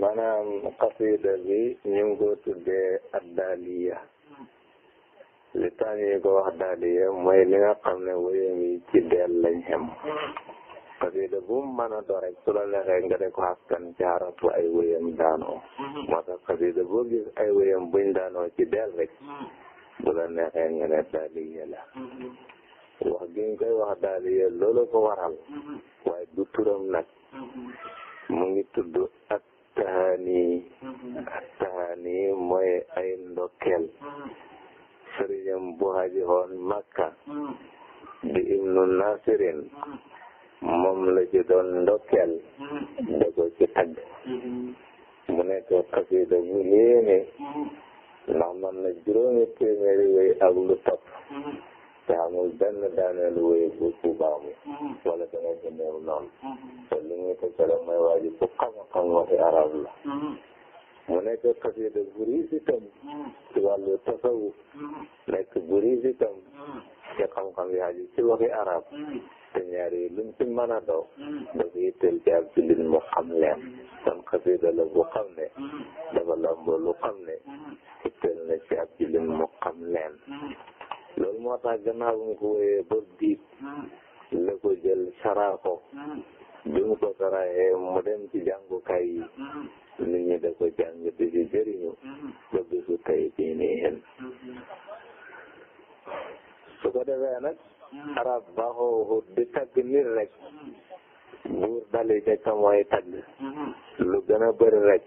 maanaam xasida bi ñu ngi ko tuddee ak daaliya li tax ñu ko wax daaliya mooy li nga xam ne wéyam yi ci deel lañ xem xasida bu mu mën rek su la neexee nga de ko askan ci xaratu ay wéyam daanoo moo tax xasida boo gis ay wéyam buñ daanoo ci deel rek bu la neexee nga ne daaliya la wax gi ñu koy wax daaliya loolu ko waral mm-hmm. waaye du turam nag mm-hmm. mu ngi tudd ak taxaani mm-hmm. taxaani mooy ay ndokkel sëriñam bu haji woon makka mm-hmm. di ibnu nasirin mm-hmm. moom la ji doon ndokkel da ko ci tagg mu nekk xasida mu yéeme ndax man na juróomi téeméeri wéy ak lu topp te amul benn daaneel wéy bu bu baamu wala dana jëndeew noonu te li muy tegtale mooy waa ji ku xam waxi arab la mu nekk xasida bu riis itam ci wàllu tasawuf nekk bu riis itam ci xam-xam yi ci waxi arab te ñaar yi luñ ci mën a dafa yitteel ci ab jullit mu xam leen kon xasida la bu xam ne dafa lamboo lu xam ne yitteel na ci ab jullit mu xam leen loolu moo tax gannaaw bi mu ko wooyee ba biib la ko jël saraa ko bi mu ko saraxee mu dem ci jàngukaay yi nit da ko jàng di ci jëriñu ba bisu tey bii nii hen su ko defee nag arab baaxoo xut di tagg nit rek buur dali ca ka mooy lu gën a bëri rek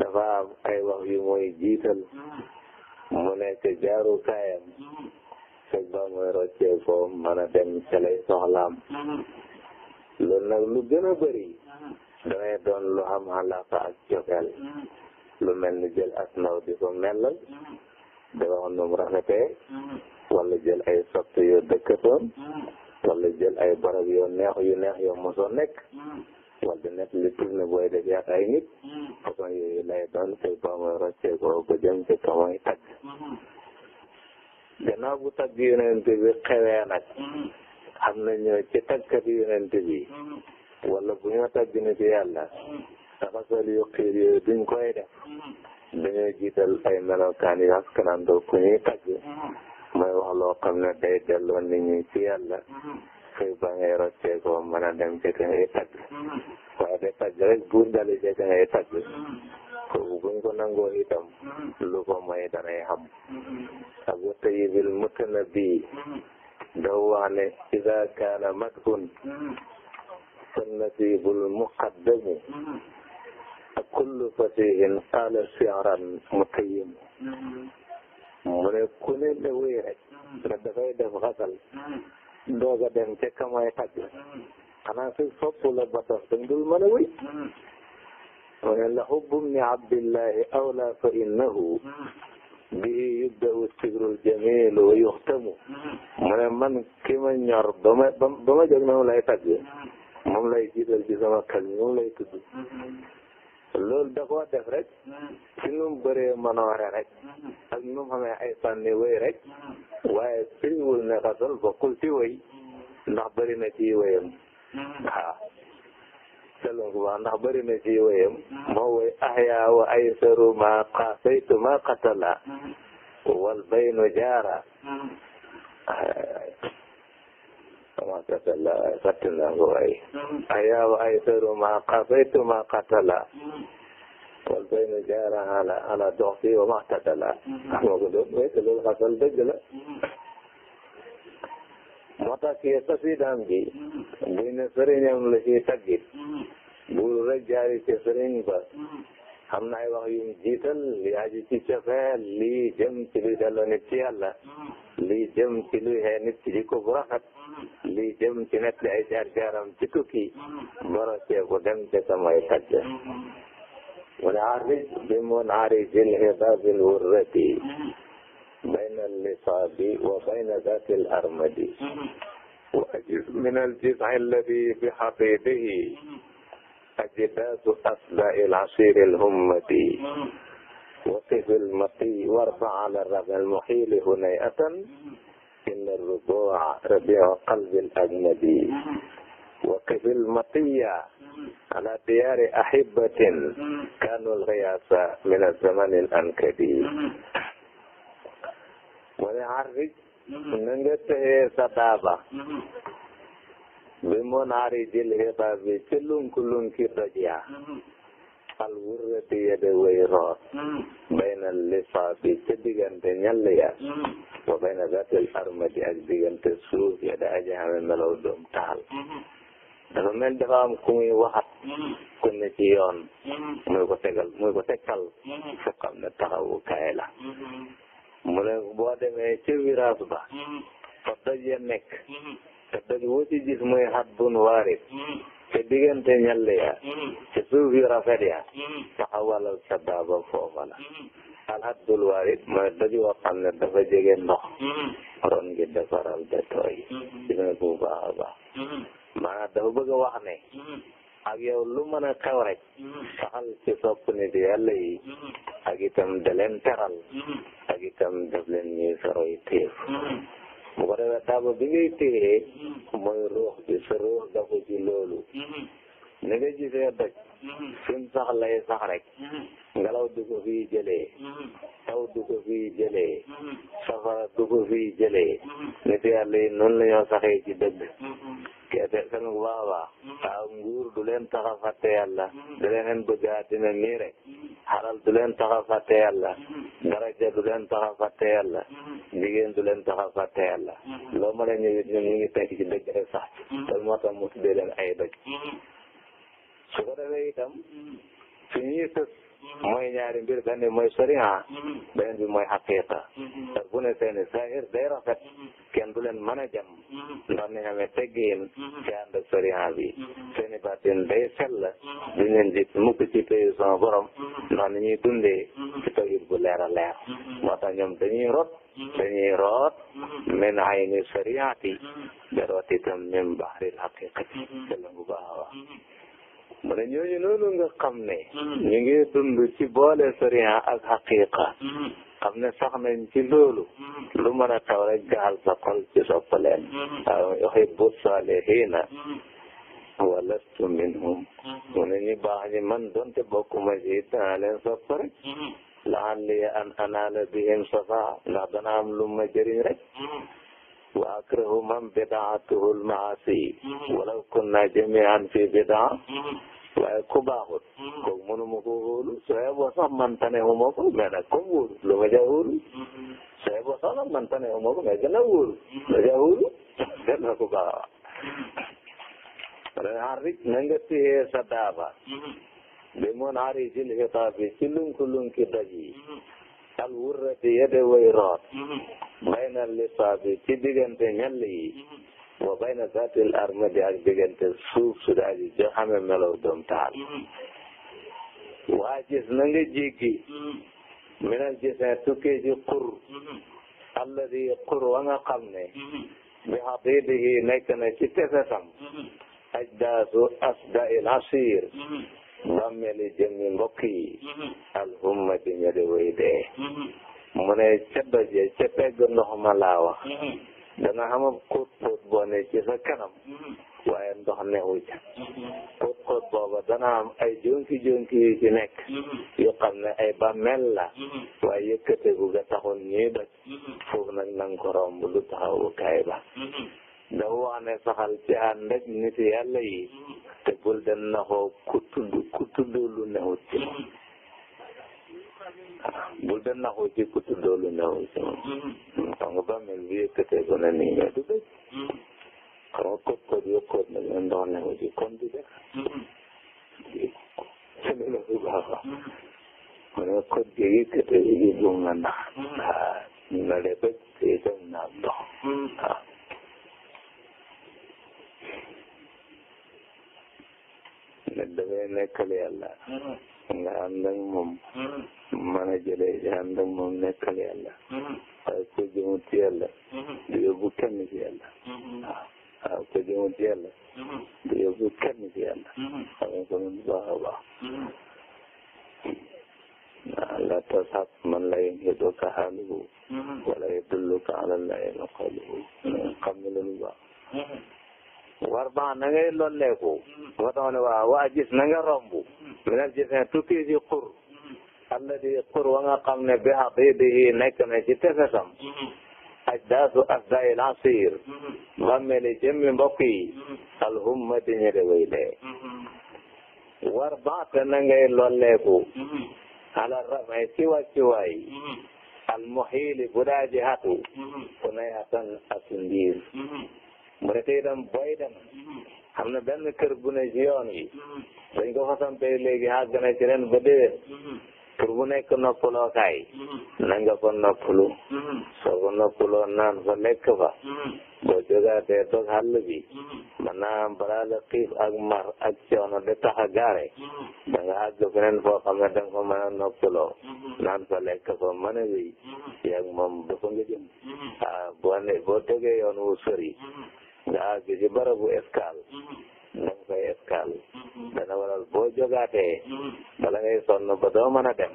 dafa ay wax yu mooy jiital mu nekk jaarukaayam fekk ba muy roccee ko mën a dem ca lay soxlaam loolu nag lu gën a bëri danay doon lu am alaaka ak cofeel lu mel ni jël as ndaw di ko mellal di wax rafetee wala jël ay soppe yoo dëkkatoon wala jël ay barab yoo neex yu neex yoo mosoo nekk wala du nekk li tur na booy def yàq nit. Hmm. façon yooyu lay say dooma roccee ko ba jëm ci ka mooy tagg. Hmm. gannaaw bu tagg yonent bi xewee nag. xam hmm. nañu ci tagkat yonent bi. wala bu ñu tagg nit yàlla. taxasal yu xiir yooyu duñ koy def. dañoo jiital ay melokaan yu askanandoo ku ñuy tagg. mooy wax loo ne day delloo nit ñi ci yàlla. koy bañee rocceekoo mën a dem ca ka ngay de tagg rek buur dali ca ka ngay ko nangoo itam may danay xam ak wa tayibil mutanabi daw wax ne ida kaana matkun fannasibul muqaddami ak kullu fasihin qaala siran mutayimu mu ne ku ne la wéy rek da dafay def xasal doog a dem ca kamay tagg xanaa su soppu la ba tax dañ dul mën a wéy mu ne la xubbu bni abdillahi awla fa innahu bihi yubdau sigrul jamilu wa yuxtamu mu man ki ma ñor ba ma ba ma jóg moom lay tagg moom lay jiital ci sama kag moom lay tudd loolu da koo def rek ci nu mu bëree rek ak nu mu xamee ay fànni wéy rek waaye firiwul ne xasal bokkul ci wéy ndax bëri na ci wéyam waaw hmm. selon ko baax ndax bëri na ci wéyam moo woy ahya wa aysaru ma qaasaytu ma qatala hmm. wal baynu jaara hmm. ma qatala fàtte naa ko waay ahya wa aysaru ma qaasaytu ma qatala والبين جار على على ضعفه وما اعتدل loolu xasan dëgg la mm-hmm. moo tax kii xasidaam bi buñ mm-hmm. ne sëriñam la ciy taggit mm-hmm. buuru rek jaari ci sëriñ ba xam na ay wax yum jiital li aji ci cofeel lii jëm ci luy delloo nit ci yàlla li jëm ci luy xee nit ci jikko bu rafet lii jëm ci nett ay jaar jaaram ci tukki boro ceebu dem ca samay tagg والعارج بمنعرج الهضاب الورد بين اللصاب وبين ذات الأرمد وأجد من الجذع الذي بحقيبه أجداد أصدع العصير الهمة وقف المطي وارفع على الربع المحيل هنيئة إن الربوع ربيع قلب الأجنبي wa kafil matiya ala diyaari ahibatin kaanul xiyaasa min azamanil ankadi mu ne xarit na nga texee sa bi mun arijil xitaabi ci lunku lunki doj ya al wurrati yede way root bayna lisaabi ca diggante ñall ya wa bayna zatil armadi ak diggante suuf yede aji xame melaw doom taal dafa mel ni dafa am ku muy waxat mm-hmm. ku ne ci yoon mm-hmm. muy ko tegal muy ko tegtal mm-hmm. fu xam ne taxawukaay la mu ne boo demee ci virage ba fa doj ya nekk te doj woo ci gis muy xat bun waarit te diggante ñall ya te suuf yu rafet ya taxawalal sa daaba foofa la alxat bul waarit mooy doj woo xam ne dafa jege ndox ron ngi defaral de tooy dina bu baax a baax maanaam dafa bëgg a wax ne mm-hmm. ak yow lu mën a xew rek mm-hmm. saxal ci sopp nit yàlla yi mm-hmm. ak itam da leen teral ak itam daf leen ñuy saroy téef bu ko defee taaba bi ngay téye mooy ruux bi sa ruux dafa ci loolu ni nga gisee doj suñ sax lay sax rek ngelaw du ko fii taw du ko fii jëlee safara du ko fii jëlee nit yàlla yi noonu la ñoo ci dëgg keete seen bu baax a baax waaw mm-hmm. nguur du leen tax a fàtte yàlla mm-hmm. du leen bëgg àddina nii rek mm-hmm. xalal du leen tax a fàtte yàlla daraja du leen tax a fàtte jigéen du leen tax a fàtte yàlla loo mën a ñëwit ñun ñu ngi teg ci dëgg rek sax loolu moo tax ay dëgg su ko defee itam su ñuy sës mooy ñaari mbir benn mooy sariha beneen bi mooy xaqiqa te bu ne seeni saahir day rafet kenn du leen mën a jam ndax ni xamee teggiin ci ànd ak sariha bi seeni baatin day sell duñ leen gis mukk ci payu sama borom ndax ni ñuy dundee ci tawhid bu leer a leer moo tax ñoom dañuy rot dañuy root min ayni sariati da root itam min baxril a mu ne ñooñu noonu nga xam ne. Mm-hmm. ñu ngi ci boole sariya ak xaqiqa. Mm-hmm. xam ne sax nañ ci loolu. Mm-hmm. lu mën a taw rek gaal sa xol ci sopp leen. waaw yuhibbu saalihiina. wa lastu minhum. mu ne ñu baax ñi man donte bokkuma ma ji leen sopp rek. la'allii an anaala bihim safaa ndax dana am lu ma jëriñ rek. wa akrahu man bidaatuhu al maasi. walaw kunna jamii'an fi bidaa. waaye ku baaxul. Mm-hmm. kooku mënuma koo wóolu soo yeboo man tanewuma ko mais nag comme wóolu ma ca wóolu. Mm-hmm. soo yeboo man tanewuma ko mais gën a wóolu. ma mm-hmm. ca wóolu gën na ku baax a ren xaar it na nga téye sa daaba. ci xitaab yi ci lunkulunki doj yi. al wurrati yede way root. ci diggante ñall yi. wa bayna zaatil armadi ak diggante suuf su daal di joxame melow doom taal waa gis na nga jéggi minal gisin tukkee ci xur alladi xur wa nga xam ne bi xadiidihi nekk na ci tefesam ajdaasu asdail asir bàmmeeli jëmmi mbokk yi alhummati ña di way dee mu ne ca doje ca pegg ndox ma laa wax dana xamab xóot xóot boo ci sa kanam mm-hmm. waaye ndox newu ca mm-hmm. xóot xóot booba dana ay jonki jonki yu nekk mm-hmm. yu xam ne ay bàmmeel la waaye yëkkateegu ga taxoon ñuy doj foofu nag nanga ko romb lu taxawukaay ba dafa wax saxal ci ànd ak nit yàlla yi te bul dem na xoo ku tudd ku tudd ci moom bul de naxu ci ku tuddoo lu ñëw ci moom mm-hmm. Mm-hmm. xam nga bàmmeel bi yëkkatee ko ne nii mais du dëj mm-hmm. nga kóot kóot yo kóot na ñoom ndox newu ci kon du def sënela bu baaxa mu ne kóot gi yëkkatee bi gi bum na nax na le bëj te itam naam ndox waaw ah. ne damay nekkal nga ànd ak moom mm-hmm. mën a jëlee ci ànd ak moom nekkal yàlla mm-hmm. waaye ko jëmut ci yàlla mm-hmm. du yóbbu kenn ci yàlla waaw waaw ko jëmut ci yàlla du yóbbu kenn ci yàlla xam nga ko noonu baax a baax la tasab man la yanhiduka haaluhu wala yadulluka ala llahi maqaaluhu xam nga loolu baax war baax na ngay lolleeku. moo tax ne waaw waa gis na nga romb. minal gis ne tukki ci xur. alladi xur wa nga xam ne bi haqiidihi nekk na ci tefesam. ajdaasu asdaayil asiir. bàmmeeli jëmmi mbokk yi. alhummati ñi de way dee. war baax na ngay lolleeku. ala ramay ci wàccuwaay. almuhiili bu daa ji hatu. ku nay hatan ak ndiir. mbéyte itam booy dem xam ne benn kër bu ne ci yoon yi dañ ko fa sampee léegi àgg na ci ren ba déwén pour bu nekk noppaloo kaay na nga fa noppalu soo ko noppaloo naan fa lekk fa boo jógaatee toog xàll bi mën naa am balaa ak mar ak coono de tax a gaare danga nga àgg feneen foo xam ne da nga fa mën a noppaloo naan fa lekk fa mën a wéy yaa moom dafa nga jëm ah nga àgg ci barabu escale mm-hmm. danga koy escale mm-hmm. dana waral boo jogaatee mm-hmm. bala ngay sonn ba doo mën a dem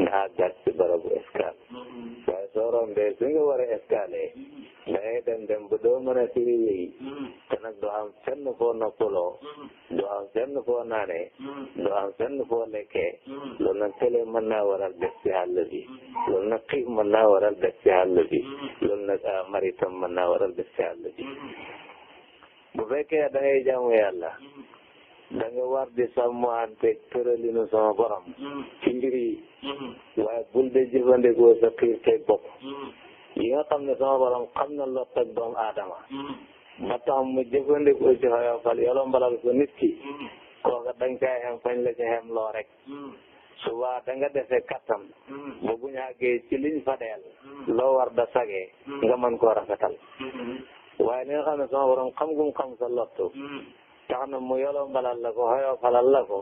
nga àggaat ci barabu escale waaye soo rombee fi nga war a escale dangay dem dem ba doo mën a firi wéy mm-hmm. te nag doo am fenn foo noppaloo mm-hmm. doo am fenn foo naanee mm-hmm. doo am fenn foo lekkee loolu nag télé mën naa waral des ci àll bi loolu nag xiif mën naa waral des ci àll bi na nag ah, man mën naa waral des ci àll bi bu fekkee da ngay jaamu yàlla da nga war di sàmmanteeg tëralinu sama borom ci mbir yi waaye bul de jëfandikoo sa xiir teg bopp yi nga xam ne sama borom xam na loo toj doomu aadama mm-hmm. ba tax mu jëfandikoo ci xoyofal yolo mbalal ko nit ki mm-hmm. kooka dañ caa xem fañ la ca xem loo rek mm-hmm. suba da nga defee kattan ba bu ñu àggee ci liñ fa loo war da sagee nga mën ko rafetal waaye li nga xam ne sama borom xam gum xam sa lottu tax na mu yolo mbalal la ko xoyofalal la ko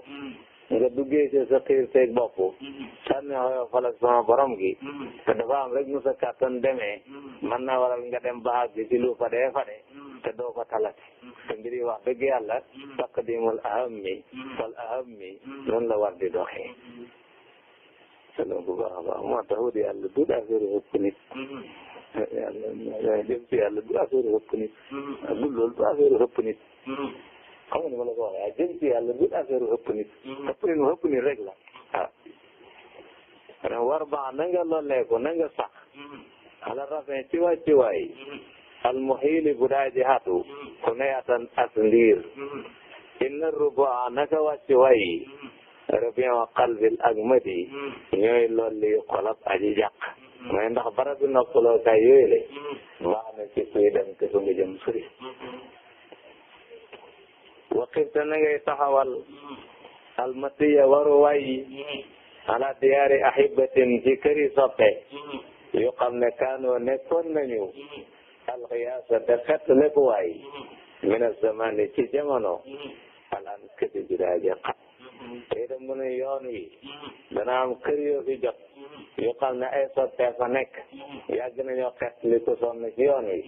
nga duggee ci sa xiir teeg bopp mm-hmm. sànni xooyo falak sama borom gi mm-hmm. te dafa am rek sa kàttan demee mm-hmm. mën naa waral nga dem ba àgg ci lu fadee fade te doo ko talati te mbir yi wax dëgg yàlla taqdimul aham mi wal aham mi noonu la war di doxee te loolu bu moo tax wut yàlla du affaire ëpp nit yàlla jëm ci yàlla du affaire xam nga ni ma la ci yàlla bu affaire yu ëpp nit. Mm-hmm. ëpp nit mu ëpp nit rek la waaw. Ah. war baax na nga loolee ko na nga sax. Mm-hmm. ala rafet ci waa ci ji mm-hmm. xatu. ku ne atan as ndiir. inna rubaa naka waa ci waay. rabion qalbil ak aji jàq. mais ndax barabi noppaloo kaay yooyu le. baax na ci kuy dem kese waqif te na ngay taxawal almasiya waru waay ala diyaari ahibatin ci këri sop yu xam ne kaanoo nekkoon nañu alxiyaasa te xet leku waay min azamani ci jamono alaan këti judaaje xat te itam mu ne yoon wi dana am kër yoo fi jot xam ne ay soppe fa nekk yàgg nañoo xet li ko sonn ci yoon wi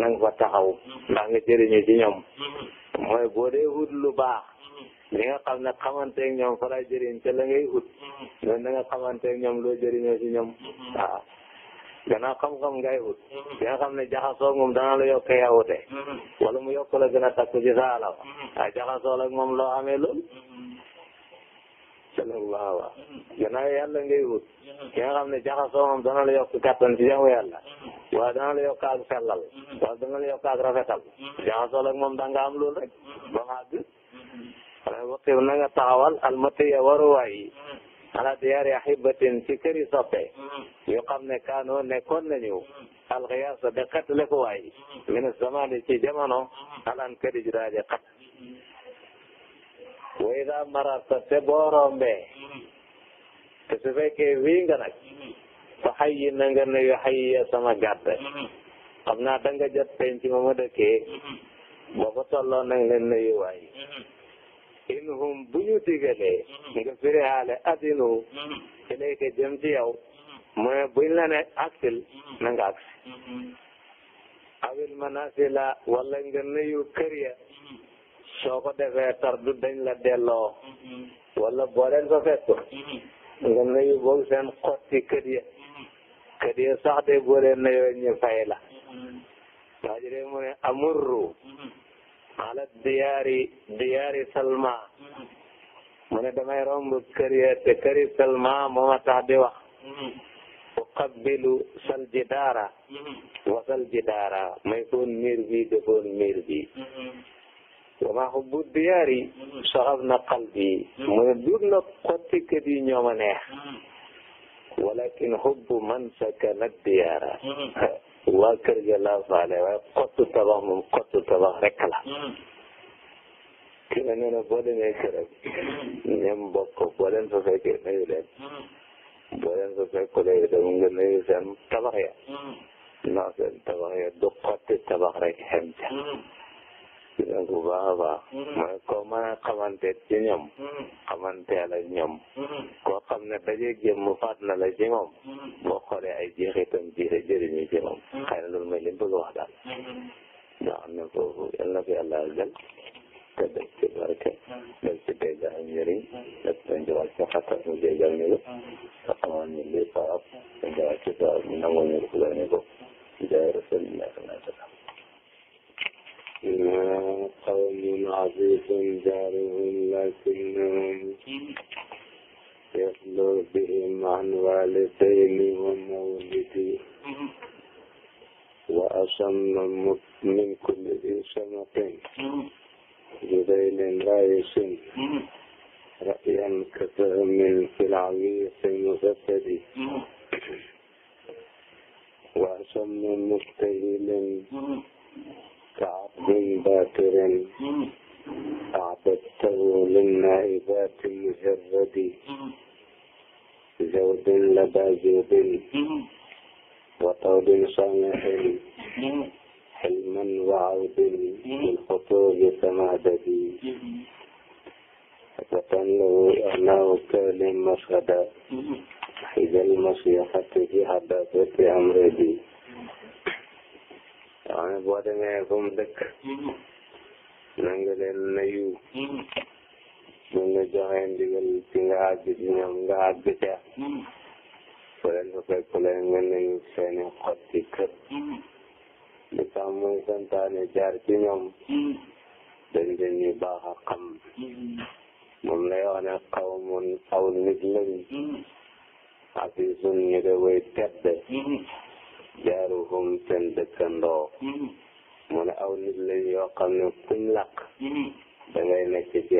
nang fa taxaw ndax nga jëriñu ci mooy boo dee ut lu baax mm-hmm. li nga xam ne xamanteeg ñoom fa la jëriñ ca la ngay ut noonu mm-hmm. na nga xamanteeg ñoom loo jëriñoo ci ñoom mm-hmm. waaw gannaaw xam-xam ngay ut bi nga xam ne jaxasoo moom dana la yokk yawute wala mu yokk la gën a takku ci sa alal waaw jaxasoo la moom loo amee loolu bu baax a baax gannaaw yàlla ngay wut ki nga xam ne jaxasoo moom dana la yokk kattan ci jaamu yàlla waaye dana la yokk ak sellal waaye dana la yokk ak rafetal jaxasoo ak moom da nga am loolu rek ba mu àgg waaye waxtu na nga taxawal almatiya waruwaay yi ala diyaari ahibatin ci këri soppe yoo xam ne kaanoo nekkoon nañu alxiyaasa de xetle ko waay min zamani ci jamono alan këri ju daal di way daa mararta te boo rombee te su fekkee wii nga nag fa xayyi yu xayyi sama gàdde xam naa danga jot penc ma ma dëkkee boo ko tolloo nag leen nuyu in hum bu ñu digalee nga firihaale adinu ilayka jëm ci yow mooy buñ la ne aksil na nga agsi awil manasila wala nga nuyu kër soo ko defee tardu dañ la delloo wala boo leen fa fekku nga nuyu boog seen xotti kër ya kër ya sax de boo leen nuyoo ñu fay la mu ne amurru ala diyaari diyaari salma mu ne damay romb kër ya te këri salma moo ma tax di wax uqabbilu saljidaara wa saljidaara may foon miir bi defoon miir bi wa ma hubbu diyaari soxab na qalbi hmm. mu ne duut na xottikat yi ñoom a neex hmm. walakin hubbu man sakana diyaara hmm. waa kër ga laa faale waaye xottu tabax moom xottu tabax rek la kii la nee na boo demee këram ñoom bokk boo leen fa fekkee nuyu leen boo leen fa fekkulee itam nga tabax ya non seen tabax ya du xotti tabax rek xem ca bu baax a baax. Mm-hmm. mooy koo mën a xamante ci ñoom. Mm-hmm. xamanteel ak ñoom. Mm-hmm. koo xam ne dajeeg jëmm faat na la ci moom. boo xoolee ay jeexitam ji la jëriñu ci moom. na loolu mooy li mu bëgg wax daal. ndax am na foofu yal na ko yàlla jël. te def ci barke. def ci tey jaaxal njëriñ. def ci njëriñ ci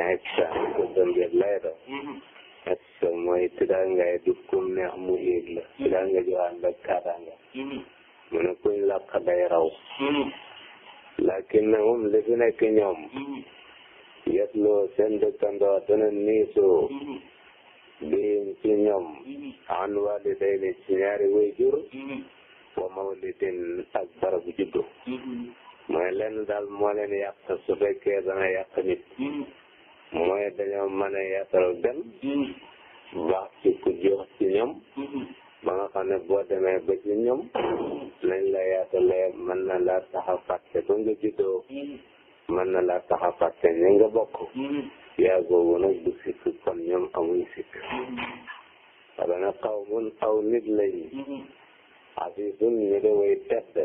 hecca ko gëmbir mm-hmm. lay doon hecca mooy tëddaanga yi dukkum neex mu mm-hmm. yéeg la tëddaanga ju ànd ak kaataanga mu mm-hmm. ne kuñ làq day raw lakinnahum li fi nekk ñoom yetloo seen dëkkandoo dana niisoo biim ci ñoom an walidayni ci ñaari wayjur wa mawlidin ak barabu juddu mooy lenn daal moo leen yàq su fekkee dana yàq nit mooy dañoo mën a yeesal gën baax ci ku jox ci ñoom ba nga xam ne boo demee ba ci ñoom nañ la yaatalee mën na laa tax a fàtte ba nga juddoo mën na la tax a fàtte nga bokk yaa googu nag du sikk kon ñoom amuñ sikk wala nag xaw mun aw nit lañ xafisun ñu da way tedd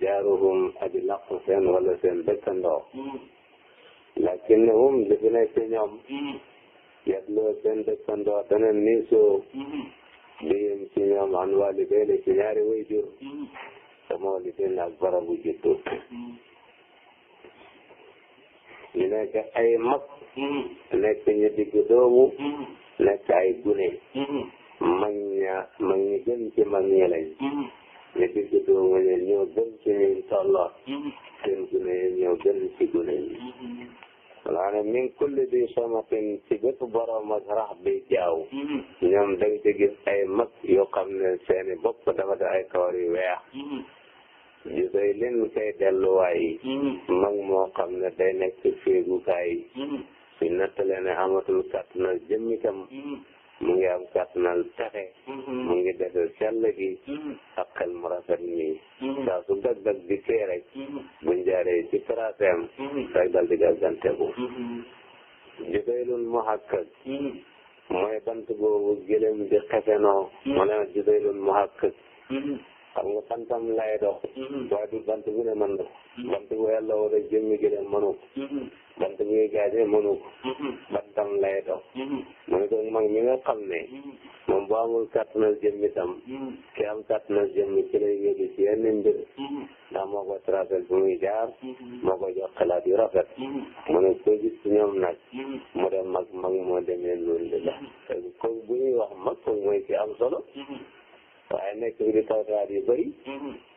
jaaruhum aji làqu seen wala seen dëkkandoo lakinnahum li fi nekk ñoom mm-hmm. yatloo seen dëkkandoo dana niisoo bihim mm-hmm. ci ñoom an waalidayni ci ñaari wayjur te mawlidin ak barabu juddu mm-hmm. ñu nekk ay mag nekk ñu digg doomu nekk ay gune mag ña ñi gën ci mag ñi lañ doomu ñoo gën ci ñuy tolloon seen gune ñoo gën ci gune yi maanaam min kulli di somatin ci bépp borom ak rax bi jaaw mm-hmm. ñoom da nga ci gis ay mag yoo xam ne seeni bopp dafa def ay kawar yu weex judoy mm-hmm. leen kay delluwaay mm-hmm. mag moo xam ne day nekk féegukaay suñ nattalee ne amatul kàttan ak jëmm itam mu ngi am kàttanal texe mm-hmm. mu ngi dese sell gi mm-hmm. ak xel mu rafet nii mm-hmm. saa su dag-dag di tee rek bu njaaree ci tracéem rek dal di gàgganteku judaylun muhakkak mooy bant boobu gëlëm di xefenoo mu ne judaylun muhakkak xam nga bantam lay dox waaye du bant bu ne mën na ko bant bu yàlla war a jëmmi gëlëm mënu ko bant buy gaasee mënu ko bantam mm-hmm. lay dox mu mm-hmm. ne mi nga xam ne mm-hmm. moom bu amul kàttanal jëmm itam ki am kàttanal jëmm ci lay wéeru ci yenn mbir ndax moo ko tracel fu muy jaar moo ko jox xalaat yu rafet mu ne ko gis ci nag mu dem mag mag moo demee noonu la te kooku bu ñuy wax mag ko mooy ki am solo waaye nekk bi di tawtaat yu bëri.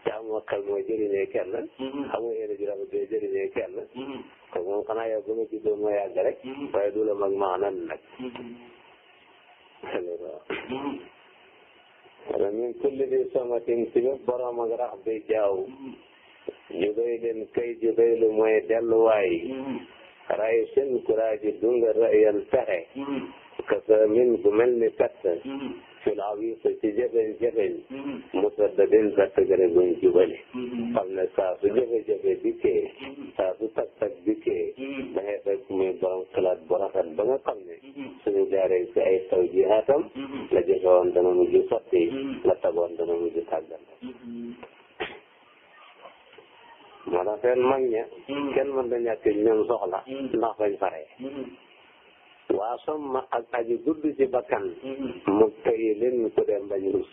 te amoo xel mooy jëriñee kenn. Mm-hmm. amoo yéene ji rafet bee jëriñee kenn. te mm-hmm. moom xanaa yow ba ma juddoo ma yàgg rek. Mm-hmm. waaye du la mag maanaan nag. wala min kulli di somatin ci bépp borom ak rax bi jaaw. ñu doy leen kay ju doy lu mooy delluwaay. ray seen courage yi dunga rayal pexe. parce que min bu mel ni filaaw yi ko ci jafe-jafe musaddadin kattagare guñ jubale xam ne saa su jafe-jafe dikkee saa su tag-tag dikkee da ngay fekk muy borom xalaat bu rafet ba nga xam ne suñu jaaree si ay taw jihaatam la jotoon dana mujj sotti mm-hmm. la tagoon dana mujj tàggal moo tax seen mag ña kenn mën da ñàkk ñoom soxla ndax bañ faree waa somma ak aji gudd ci bakkan mm-hmm. mu tëyi leen ko dem bañ rus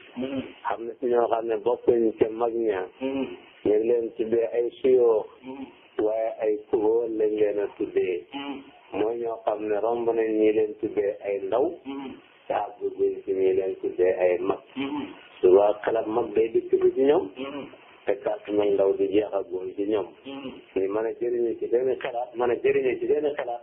xam ne si ñoo xam ne bokkuñ ca mag ña mm-hmm. ñu leen tuddee ay suyoo mm-hmm. waaye ay kuhóol lañ leen a tuddee mooy ñoo xam ne romb nañ ñi leen tuddee ay ndaw te àgguñ ci ñi leen tuddee ay mag su waa xelam mag day dikk bi ci ñoom te kàttu mañ di jeexagul ci ñoom. muy mm. mën a jëriñoo ci a jëriñoo ci seen i xalaat.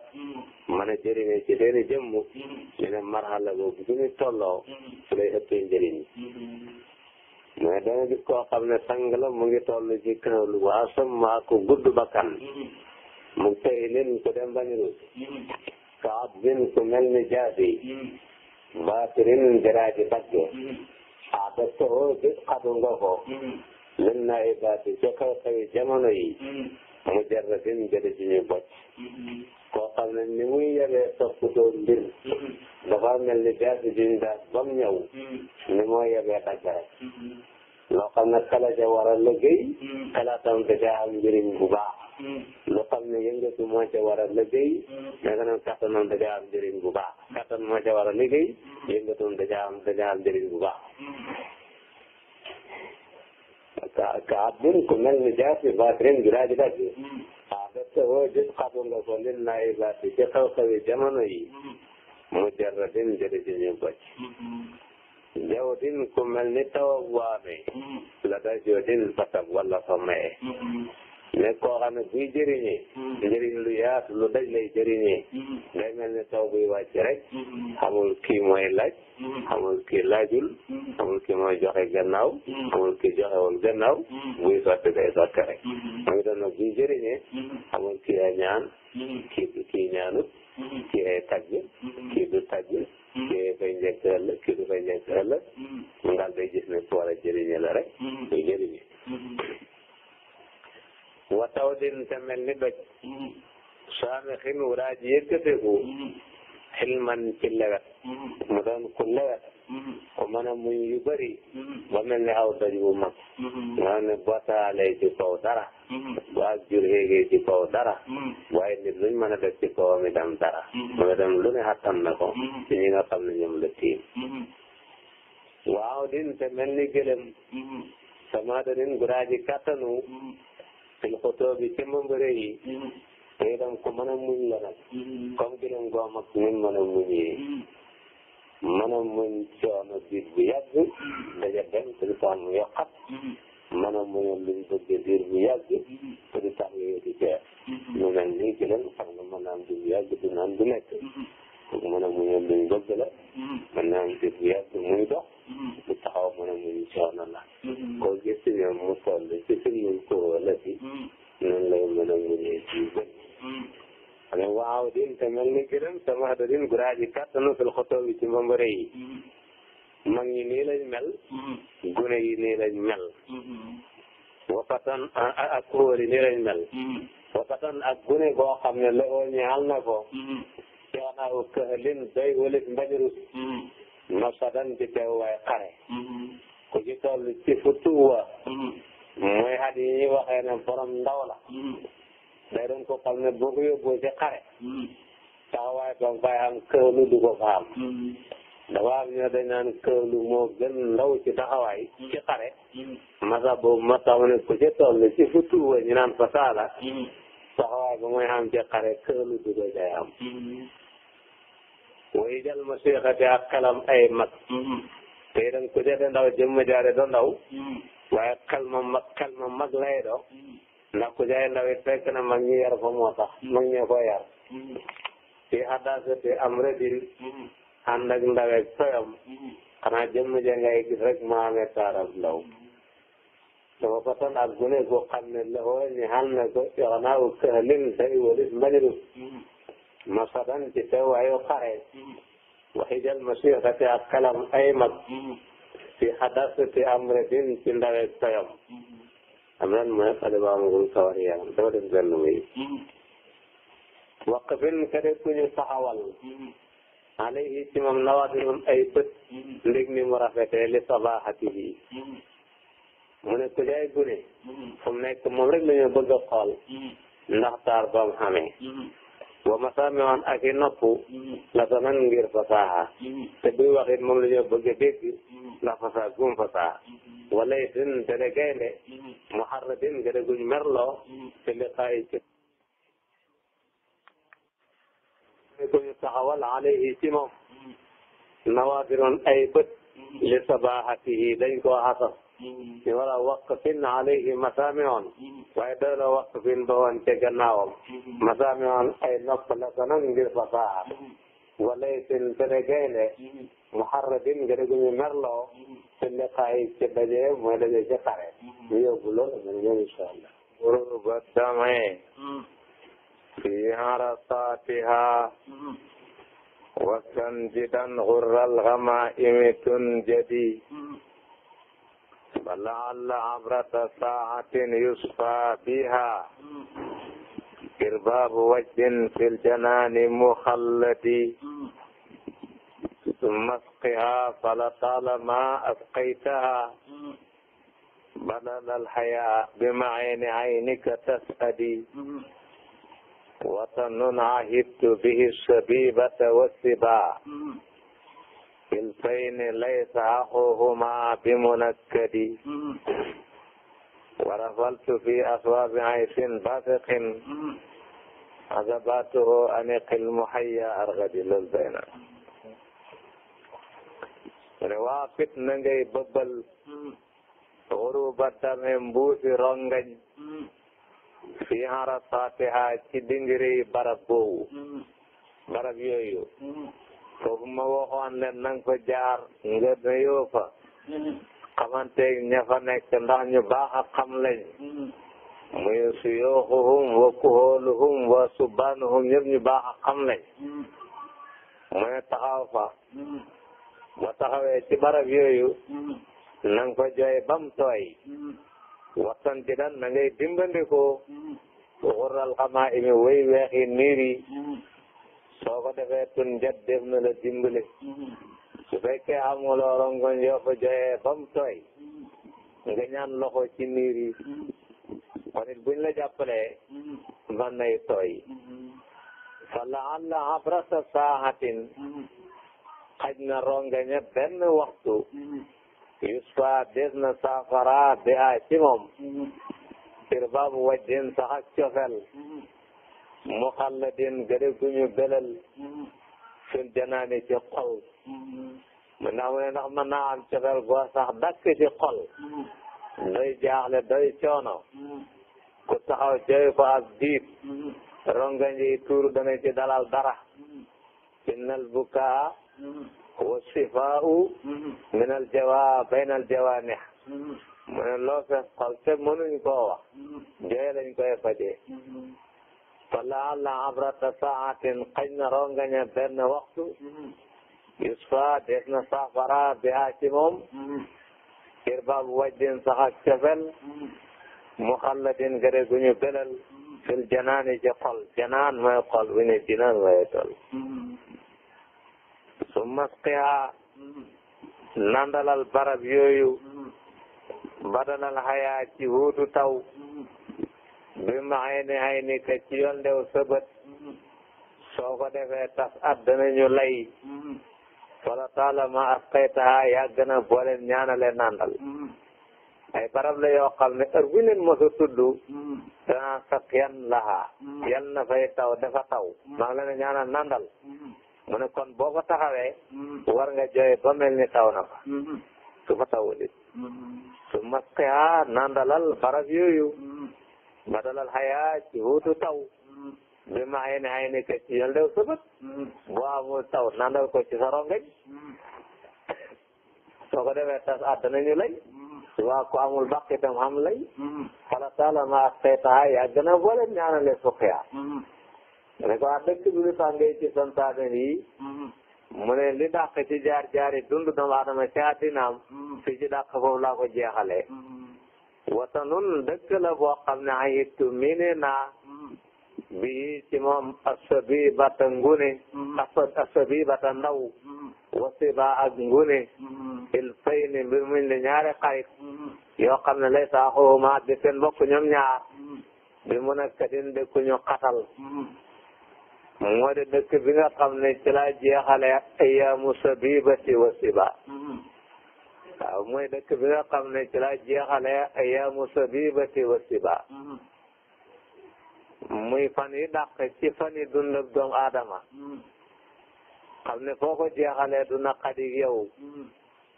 mën ci seen i mm. jëmm. Mm. ne marxala boobu bu ñu tolloo. su lay ëppee njëriñ. Mm-hmm. mais da ne sang mu ngi toll ci kër lu waasam maa ko gudd bakkan. Mm-hmm. mu tey leen ko dem bañ ruus. Mm-hmm. kaat bin ku mel ni jaasi. baatirin jaraaji bagge. ah ba too gis xatu nga min naibaati ba kaw kawi jamono yi mm-hmm. mujarradin jële ci ñu bocc mm-hmm. koo xam ne ni muy yebee toppatoo mbir mm-hmm. dafa mel ni gerte gi ñu daal ba mu ñëw ni moo yebee dàggare loo xam ne kala ca war a liggéey xalaatam da caa am njëriñ bu baax lu xam ne yëngatu moo ca war a liggéey naka nag kattanam da caa am njëriñ bu baax kattan moo ca war a liggéey yëngatoom da caa am da caa am njëriñ bu baax ka ka abdin ku mel ni jaasi baatirin gilaaji dagg hmm. aadatta hoo jis xatu nga ko lil naayibaati ci xew-xewi jamono yi hmm. mu jarradin jërëji ñu bocc hmm. jawdin ku mel ni taw ak waame la dajoo din fatab walla fa maye mais koo xam ne buy jëriñee. njëriñ hmm. lu yaatu lu daj lay jëriñee. Hmm. day mel ne taw buy wàcc rek. Hmm. xamul kii mooy laaj. xamul kii laajul. xamul kii mooy joxe gannaaw. xamul kii joxewul gannaaw. buy sotti day sotti rek. mooy doon nag buy jëriñee. xamul kii a ñaan. kii du kii ñaanut. kii ay tagg. kii du tagg. kii fay njëkk ëllëg kii du fay njëkk ëllëg. mu daal day gis ne ku jëriñee la rek. muy jëriñee. wa taw din te mel ni doj saamixin wuraaj yëkkateeku xilman ci lewet mu doon ku lewet ku mën a muñ yu bëri mel ni aw doj bu mag nga xam ne bootaalee ci kaw dara waa jur xéegee ci kaw dara waaye nit luñ mën a def ci kawam itam dara mu nga dem lu ne xattan na ko ci ñi nga xam ne ñoom la tiim waaw din te mel ni gëlëm sama danin guraaji kattanu fil xutoo bi ci mbëmbëre yi te itam ku mën a muñ la nag comme gërëm goo mag nuñ mën a muñee mën a muñ coono biir bu yàgg dem te du tax mu yokkat mën a muñoon luñ bëgg biir bu yàgg te du tax mu yëti ceer mu mel nii ci leen xam nga mën a am kooku mën a muñal luñ bëgg la. Mm-hmm. mën naa am fit bu yàgg muy dox. bu mm-hmm. taxaw mën a muñ coono la. Mm-hmm. koo gis ñoom mu ci suñu ko wala fi. noonu lay mën a muñee ci bëgg. xam nga waaw din te mel ni gërëm sama da din guraaji kàttanu fil xotoo bi ci mbambare yi. mag ñi nii lañ mel. gune yi nii lañ mel. wapatan ak kóor yi nii lañ mel. wapatan ak gune goo xam ne la oo ñaal ko. doonaawu këhalin day walit mbañurus mm-hmm. nosadan ci teewaay xare ku ci toll ci futuwa mooy mm-hmm. xat yi ñuy waxee ne borom ndaw la mm-hmm. day doon ko xam ne boo ko yóbboo ci xare taxawaay ba nga fay am këhlu du ko fa am dafa am ñoo dañ naan këhlu moo gën ndaw ci taxawaay ci xare masa boobu ma tax ne ku ci toll ci futuwa ñu naan fasaala taxawaay ba mooy am ci xare këhlu du day am way jal ma seexati ak xelam ay mag te itam ku jëfe ndaw jëmm jaare do ndaw mm-hmm. waaye xel ma mag xel ma mag lay do mm-hmm. ndax ku jaay ndaw it fekk na mag ñi yar fa moo tax mm-hmm. mag ñee ko yar fi hadasati am redin ànd ak ndaweeg soyam xanaa jëmm ja ngay gis rek ma amee taaram ndaw dafa ko tan ak gune gu xam ne la woo ñu xam ne ko yoxanaa u këhalin say walis mbañirus masadan ci teewaayu xare waxijal masixati ak kalam ay mag fi xadasati amradin ci ndawe toyam am nan mooy xale ba amagul sawar yaram dafa def benn muy waqfin kade ku ñu taxawal ci moom nawaatinum ni mu rafetee li sabahatihi mu ne ku jaay gune fu mu nekk moom rek la ñu bëgg a xool ndax taar ba mu wa masaame woon ak i nopp la sanan ngir fasaha te buy wax it moom la ñu bëgg a dégg ndax fasaha fasaha wala itin te de gaynde mu xarradin nga de guñ merloo te li xaay ci ko ñu taxawal alayhi ci moom nawadiroon ay bët li sabahatihi dañ koo xasas ci wala waqfin alayhi masaami'un waaye doy la waqfin ba woon ca gannaawam masaami'un ay nopp la ko nag ngir fasaha walaytin te ne gaynde muharradin nga dégg ñu merloo te liqaayi ca daje mooy daje ca xare ñu yóbbu loolu man ñoom insha allah qurba dame fi harasaatiha wasan jidan xurral xamaa'imi jadi فلعل عبرة ساعة يصفى بها كرباب وجه في الجنان مخلد ثم اسقها فلطالما أسقيتها بدل الحياء بمعين عينك تسأدي وطن عهدت به الشبيبة والسباع kilfayni laysa axuhuma bi munakkadi warafaltu fi aswaabi aysin basiqin azabatuhu aniqil muhayya argadi loolu doy na mu ne waa fit na ngay bëbbal xuruba dame mbuusi rongañ fi harasaatiha ci dingiri barab boobu barab yooyu foofu ma waxoon ne nang ko jaar nga nuyoo fa mm-hmm. xamanteeg ña fa nekk ndax ñu baax a xam lañ mm-hmm. muy suyooxuhum wa kuhóoluhum wa subaanuhum ñëpp ñu baax a xam lañ mm-hmm. mu ne taxaw fa ba taxawee ci barab yooyu nang ko jooy bam tooy waxtaan ci daan na ngay dimbandikoo xural xamaa imi way weexi niir yi soo ko defee tun njët def na la dimbale su fekkee amuloo rongoñ yoo ba mu tooy nga ñaan loxo ci niir yi buñ la jàppalee mën nay tooy fa laalla abrasa saahatin xaj na rongaña benn waxtu yusfa des na saafara bi a ci sir baabu wajjin sax cofel muxalladin gëre guñu belal fil janaani ci xol mën naa mu ne ndax mën naa am cofeel sax dakk ci xol doy jaaxle doy coono ku taxaw jooy ko ab diit rongañ yi tuuru ci dalal dara innal bukaa wa sifaau min al jawa bayn al jawaanix mu ne loo fees xol te mënuñ koo wax jooy lañ koy fala la abrata saatin xëy na rongaña benn waxtu mm-hmm. yusfa des na safara biha ci moom irbaabu mm-hmm. wajdin sax ak cofel mm-hmm. muxalladin gëre gu ñu belal fil janaani ci xol janaan mooy xol bu ñu jinaan tol su masqiha nandalal barab yooyu badalal xayaa ci wuutu taw bi ma xëy na xëy na que ci yoon dew sëbët soo ko defee tas at danañu lay wala taalama ak xaytaha yàgg na boo leen ñaanale nandal ay barab la yoo xam ne heure bu leen mos a tudd danaa sakk yan laha yan na fay taw dafa taw maa ngi leen ñaanal nandal mu ne kon boo ko taxawee war nga jooy ba mel ni taw na fa su fa tawul it su masqiha nandalal barab yooyu matalal xayaa ci wuutu bi ma xëy na xëy na que ci yal dew sëbët boo amul taw nandal ko ci sa rongañ soo ko defee tas àddina ñu lay waa ko amul bàq itam xam lay xala taala ma ak saytaha yaa gën a boole ñaanale suqiya ne ko a ah, dëkk bi lu ci santaane yi mu ne li dàq ci jaar jaari dund doomu aadama ci àddinaam fi ci dàq foofu laa ko jeexalee watanun dëkk la boo xam ne ayittu mine naa bii ci moom asabi bata ngune asabi bata ndaw wasiba ak ngune il fay ni mbir mu ne ñaari xarit yoo xam ne lay saaxooma di seen bokk ñoom ñaar bi mu nekk din dëkku ñu xatal moo di dëkk bi nga xam ne ci laa jeexale ayaamu sabibati wasiba waaw mooy dëkk bi nga xam ne ci laa jeexalee ayaamu sabibati wa siba muy fan yi dàq ci fan yi dund ak doomu aadama xam ne foo ko jeexalee du naqadik yow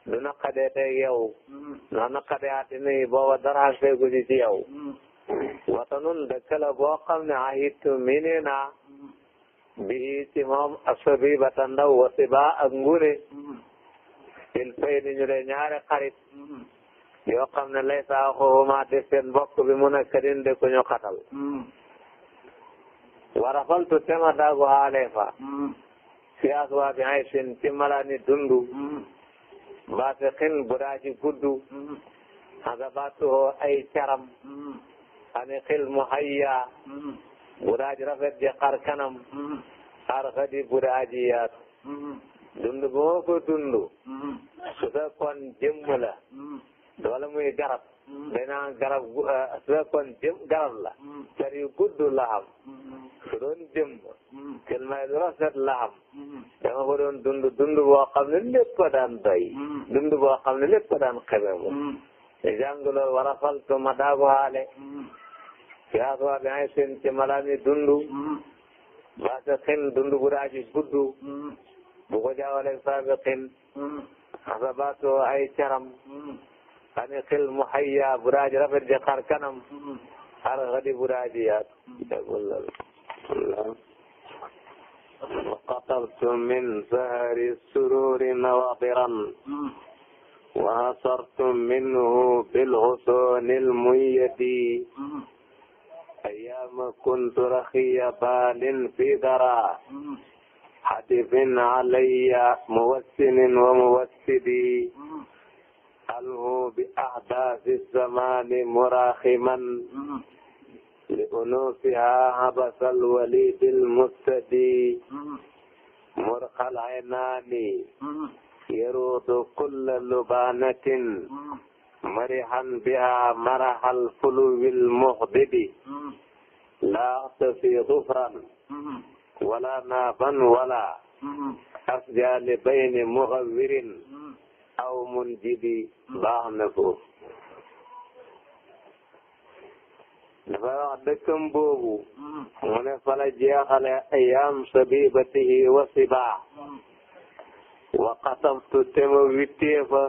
du naqadee tey yow ndax naqadee àddina yi booba dara seegu ci ci yow wata nun dëkk la boo xam ne ahittu mini naa bii ci moom asabibata ndaw wa siba ak ngune il fay ni ñu de ñaari xarit mm-hmm. yoo xam ne lay saa xooxuma de seen mbokk bi mun a kadin de ko ñu xatal mm-hmm. wara faltu tema daagu haale fa mm-hmm. fi aswa bi ay sin ci malani dundu basiqin buraaji guddu hasabatuhu ay caram ani xil muhayya buraaji rafet ji xar kanam xar xadi buraaji yaatu dund ba ma ko dund mm-hmm. su fekkoon jëmm la wala mm-hmm. muy garab mm-hmm. danaa garab ah, su fekkoon jëm garab la car yu gudd la xam su doon jëmm kel may lu rafet la xam dama ko doon dund dund boo xam ne lépp ko daan doy dund boo xam ne lépp ko daan xeme mu jàng loolu war a faltu ma daagu xaale yaasuwa bi ay seen ci malaami dund baata xin dund bu daa ci bu ko jaawaleeg saabiqin xasabaatu ay caram xani xil mu xayya bu daaji rafet ji xar kanam xar xadi bu daaji yaatu وقطرت من سهر السرور نواطرا وحصرت منه بالغصون الميت أيام كنت رخي بال في ذرى حتف علي موسن وموسدي أله بأحداث الزمان مراخما لأنوفها حبس الوليد المستدي مرخى العنان يرود كل لبانة مرحا بها مرح الفلو المخضب لا أقتفي ظفرا wala naaban wala mm-hmm. asjaali bayni muxawirin mm-hmm. aw munjidi baax na ko dafa wax dëkkam boobu mm-hmm. mu ne fala jeexale ayaam sabibatihi wa sibaa wa xatabtu tema witteefa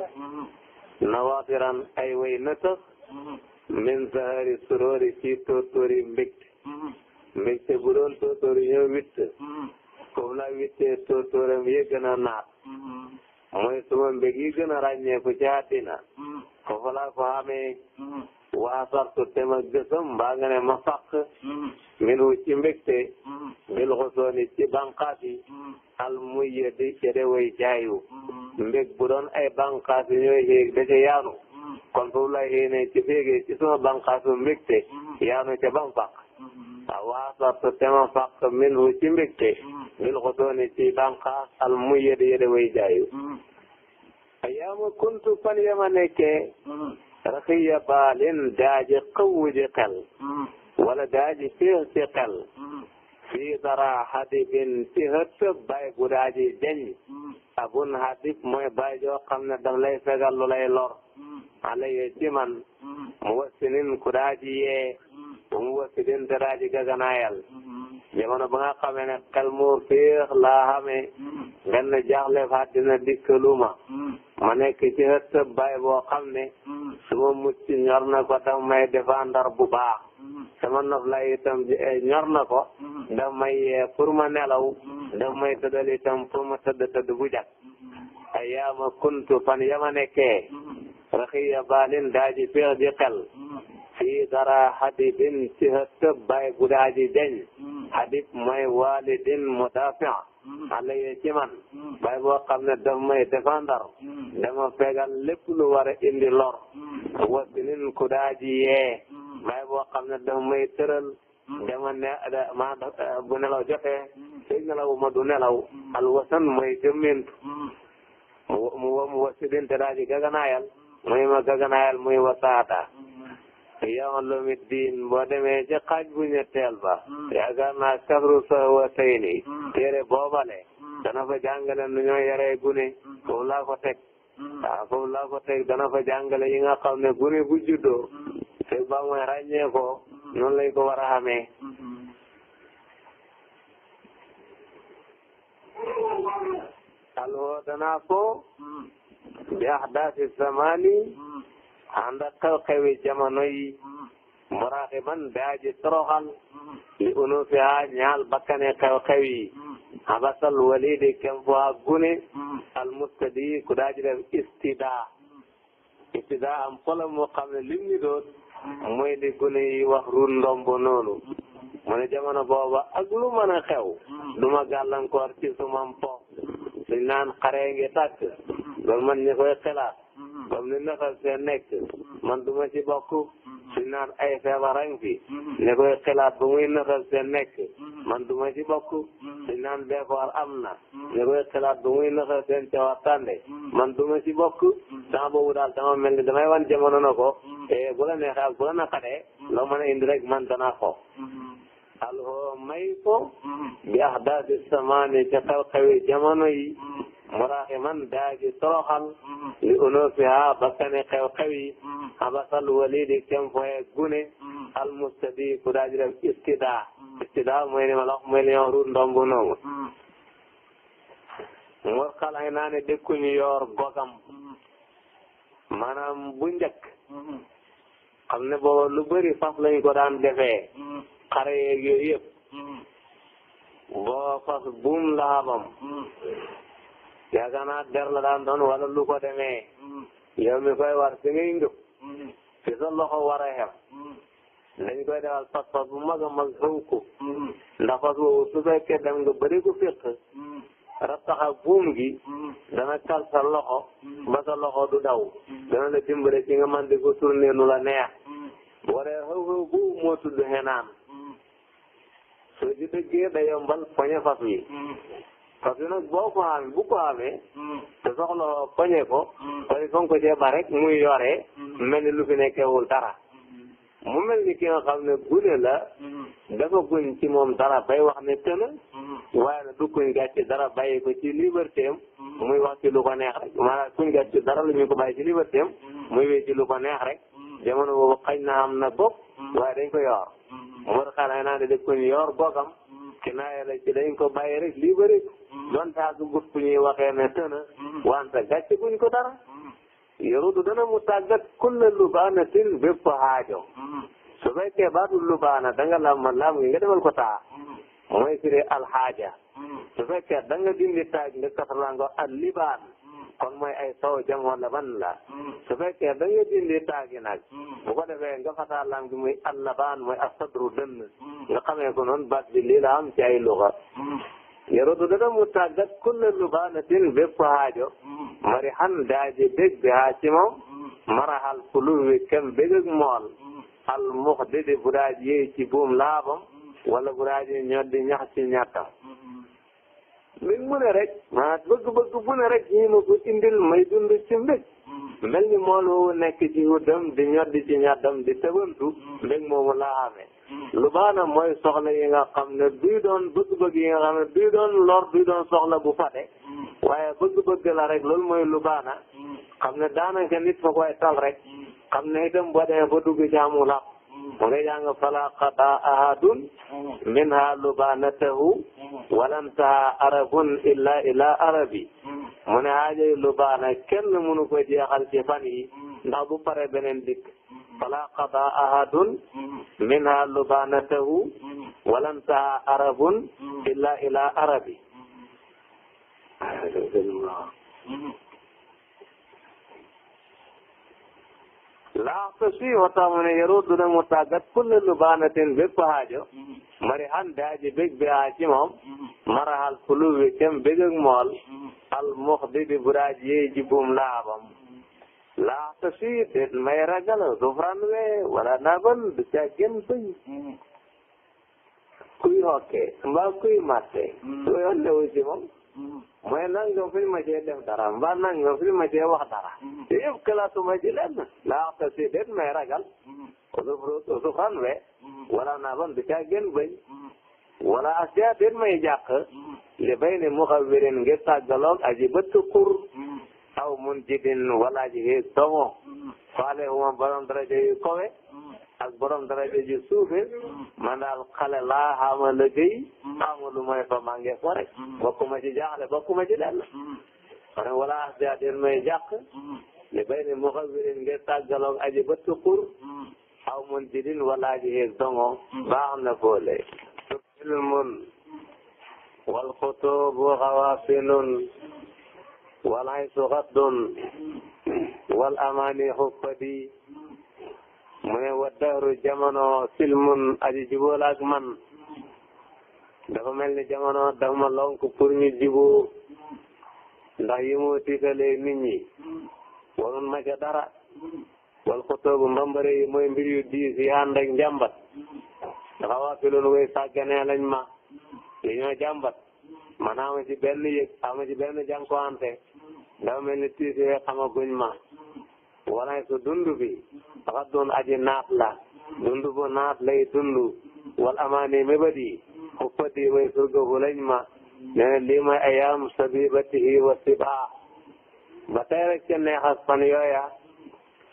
nawatiran ay way na tax min zahari sorori ci tóortóori mbégte mbégte bu doon tóotóor yi ñoo witt foofu laa wittee gën a naat mooy suma mbég yi gën a ràññeeku ci àddina foofu laa ko xamee waa sartu tema gësëm mbaa nga ma fàq min wu ci mbégte bil xusooni ci bànqaas yi al muy yeddi ca de way jaayu mbég bu doon ay bànqaas yi ñooy xéeg da yaanu kon foofu laa xéenee ci féegee ci suma bànqaasu mbégte yaanu ca bam waa sartu tema fàq min hu ci mbégte mm. min xudooni ci banqaas al muy yede yede way jaayu mm. ayaama kuntu fan yama nekkee mm. raxiya baalin daaji xëwu ji xel wala daaji féex ci xel fii dara xadibin ci hëttëb bay gu daaji jañ abun xadib mooy bay joo xam ne daf lay fegal lu lay lor alaya ci man mu wassinin ku daaji yee ba mu wasidin daraaji gaganaayal mm-hmm. jamono ba nga xamee ne xel laa xamee mm-hmm. nga ne jaaxle fa dina dikkaluma mm-hmm. ma nekk ci hëtt bay boo xam ne su ma mucc ñor na ko daf may defaa ndar bu baax sama nof la itam eh, ñor na ko daf may yee pour ma nelaw daf may tëddal itam pour ma tëdd tëdd bu jag ay yaama kuntu fan yama nekkee raxiya baalin daaji féex ji xel dara hadibin ci hëttëb bay gudaaji deñ hadib mooy walidin mudafia alayhi ci man bay boo xam ne daf moy défendar dama fegal lépp lu war a indi lor wasinin kudaaji yee bay boo xam ne daf may tëral dama ne ma bu nelaw jotee fekk nelaw ma du nelaw alwasan mooy jëmmintu mu mu wasidin te daaji gaganaayal muy ma gaganaayal muy wasaata yawma diin boo demee ci xaaj bu ñetteel ba. yaakaar hmm. naa sabru sawatayni. Hmm. téere boobale. Hmm. dana fa jàngale nu ñoo yaree gune. foofu laa ko teg. waaw foofu laa ko teg dana fa jàngale yi nga xam ne gune bu juddoo. te ba mooy ràññee ko. ànd ak xew-xewi jamono yi muraaxiban daaji toroxal li unu fi ha ñaal bakkane xew-xew habasal walidi kem fo ha gune al mustadi ku daaji def istidaa istidaa mu xam ne lim ni doon mooy li gune yi wax ruun ndombo noonu mu ne xew duma gàllankoor ci sumam po liñ naan xaree ngi tàkk loolu man ñi comme ni nafas fee nekk mm-hmm. man du ma ci bokk suñ mm-hmm. naan ay feebaran fi mm-hmm. ne koy xilaat ba muy nafas fee nekk man du ma ci bokk suñ naan beekoor am na ne koy xilaat ba muy nafas fee cawar tànde man du ma ci bokk temps boobu daal dama mel damay wan jamono na ko e bu la neexee ak bu la naqaree loo mën a indi rek ko alxoo may ko bi ahdaadi samaani ci xew-xewi muraaximan daa ji toroxal li unuusiha bakkani xew-xew yi abasal walidi kem foye gune al mustadi ku daa ji dem istidaa istidaa mooy ni ma mooy li ñoo mur xalay naa ne dëkkuñu yoor gogam maanaam bu njëkk xam ne booba lu bëri fas lañ ko daan defee xare yeeg boo fas buum laabam yaakaar naa der la daan doon wala lu ko demee mm. mi koy war fi ngay mm-hmm. fi sa loxo war a xem dañ mm. koy defal pas-pas bu mag a mag xëw ko mm-hmm. ndax fas woowu su fekkee dem nga bëri ko féq mm-hmm. rattaxa buum gi dana kal sa loxo ba sa loxo du daw dana la dimbale ci nga man di ko tourner nu la neex boo dee xëw xëw bu moo tudd xenaan soo ci da yombal poñe fas wi parce que nag boo ko amee bu ko amee. Hmm. te soxla poñe ko. parce que comme que rek muy yore. Hmm. mel ni lu fi nekkewul dara. Hmm. mu mel ni ki nga xam ne gune la. dafa guñ ci moom dara bay wax ne tën. waaye nag du kuñ gàcce dara bàyyi ko ci liberté am. muy wax ci lu ko neex rek maanaam kuñ gàcce dara lu ko bàyyi ci liberté am. muy wéy ci lu ko neex rek. jamono boobu xëy na am na bopp. waaye dañ ko yor. mu war a xaaral naa ne naa yàlla dañ ko bàyyi rek liberté ko. doon taa du gut fu ñuy waxee ne tëna mm-hmm. wante gàcce guñ ko dara mm-hmm. yarudu dana mu tàggat kulla lubaanatin bépp haajo mm-hmm. su fekkee baatu lubaana danga lamma laam nga defal ko taa mooy firi alxaaja su fekkee danga dindi taaj nga kasalango al kon mooy ay sow jamoo laban la su fekkee da nga dindi taagi nag bu ko defee nga fataa laam gi muy al labaan mooy asadru nga xamee ko noonu baat bi lii la ci ay luxa yerodu dana mu tàggat kulle lubaanatin bépp haajo mari han daaji bég bi haa ci moom marahal kuluwi kem bég ak mool al mux didi bu daaj yee ci buum laabam wala bu daaj ñoddi ñax ci ñattam mi mu ne rek maa bëgg-bëgg bu ne rek ñii ma ko indil may dund ci mbég mel ni mool woowu nekk ci hudam di ñoddi ci ñattam di tëbantu mbég moomu laa amee lu baax na mooy soxla yi nga xam ne duy doon bëgg-bëgg yi nga xam ne duy doon lor duy doon soxla bu fade waaye bëgg-bëgg la rek loolu mooy lu baax nag xam ne daanaka nit fa koy tal rek xam ne itam boo demee ba dugg jaamu la mu ngi jàng fala qada ahadun minha lubanatahu walantaha arabun illa ila arabi mu ne xaajay lubaana kenn mënu ko jeexal ci fan yi ndax bu pare beneen dikk fala qada ahadun minha lubanatahu walan taha arabun illa ila arabi laa ko sii waxtaan mu ne yoroo duna mu lubaanatin bépp haajo mari han daaji bég bi haa ci moom marahal kulubi kem bég ak mool al muxdi di buraaji yee ji buum laabam laa te fii déet may zufran we wala naban du caa gën bëñ hmm. kuy hokkee mbaa kuy màtte hmm. su yoon newu ci moom hmm. mooy nangam fi ma cee def dara mbaa nangam fi ma cee wax dara te yëpp kalaasu ma ci lenn zufran we wala naban du caa gën bëñ wala asiya déet may jàq li bay ne muxawirin ngir tàggaloog aw munjidin wala ji hee somo faale huma borom daraja yu kowe ak borom daraja ju suufe man daal xale laa xaama liggéey xaama lu may fa màngee fo rek bokkuma ci jaaxle bokkuma ci lenn wane wala asdia den may jàq li bay ni muxawirin ngir tàggaloog aji ba tukur aw munjidin wala ji hee somo baax na boole ilmun wal xutub xawasinun wal aysu xaddun wal amaani xuppadi mu ne wa dahru jamono silmun aji jubóol ak man dafa mel ni jamono dafa ma lonk pour ñu jubóo ndax yi mu tiitalee nit ñi warun ma ca dara wal xutoobu mbambare yi mooy yu diis yi ànd ak njàmbat dafa waafiloon way sàgganee lañ ma li ñoo jàmbat man ama ci benn yëg ama ci benn jànkuwante dafa mel ni tiis yooyu xamaguñ ma walaay su dund bi dafa doon aji la dund bu naat lay dund wal amaani mébét yi xuppat yi way surga hulañ ma nee na lii mooy ayaam sabibatihi wa sibaa ba tey rek ca neexas fan yooya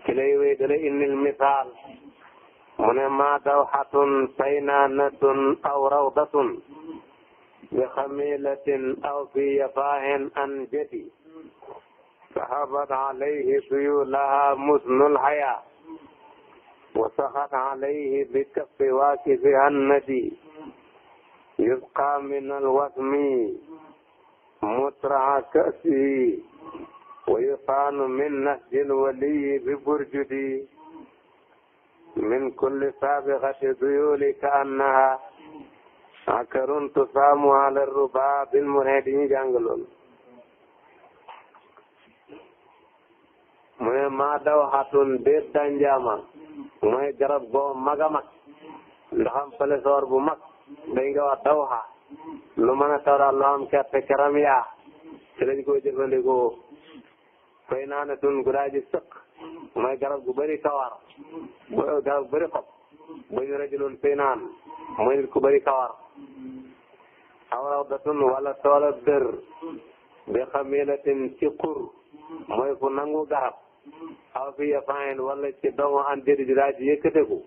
ci lay wéy dala innil mu ne maa dawxatun taynaanatun aw rawdatun bi xamilatin aw fi yafaahin an sahabat alayhi suyulaha musnul haya wa saxat alayhi bi kaffi waakifiha nnadi yusqa min alwasmi mutraa kasihi wa yusaanu min nasjil waliyi bi burjudi min kulli saabixati duyuli ka annaha akarun tusaamu ala ruba bil murhidi ñu jàng loolu mu ne maa daw xatun déet danjaama mooy garab goo mag a mag ndax am bu mag dañ ko wax daw xa lu mën a taw daal loo xam gerte keram yaa ci jëfandikoo fay naa ne tun gu ji sëq mooy garab gu bëri kawar garab gu bëri xob bu ñu rajulun ku bëri kawar aw raw da tun wala toola dër bi xamilatin ci xur mooy ku nangu garab aw fi yafaayil wala ci doomu an diri ji daa ji yëkkateku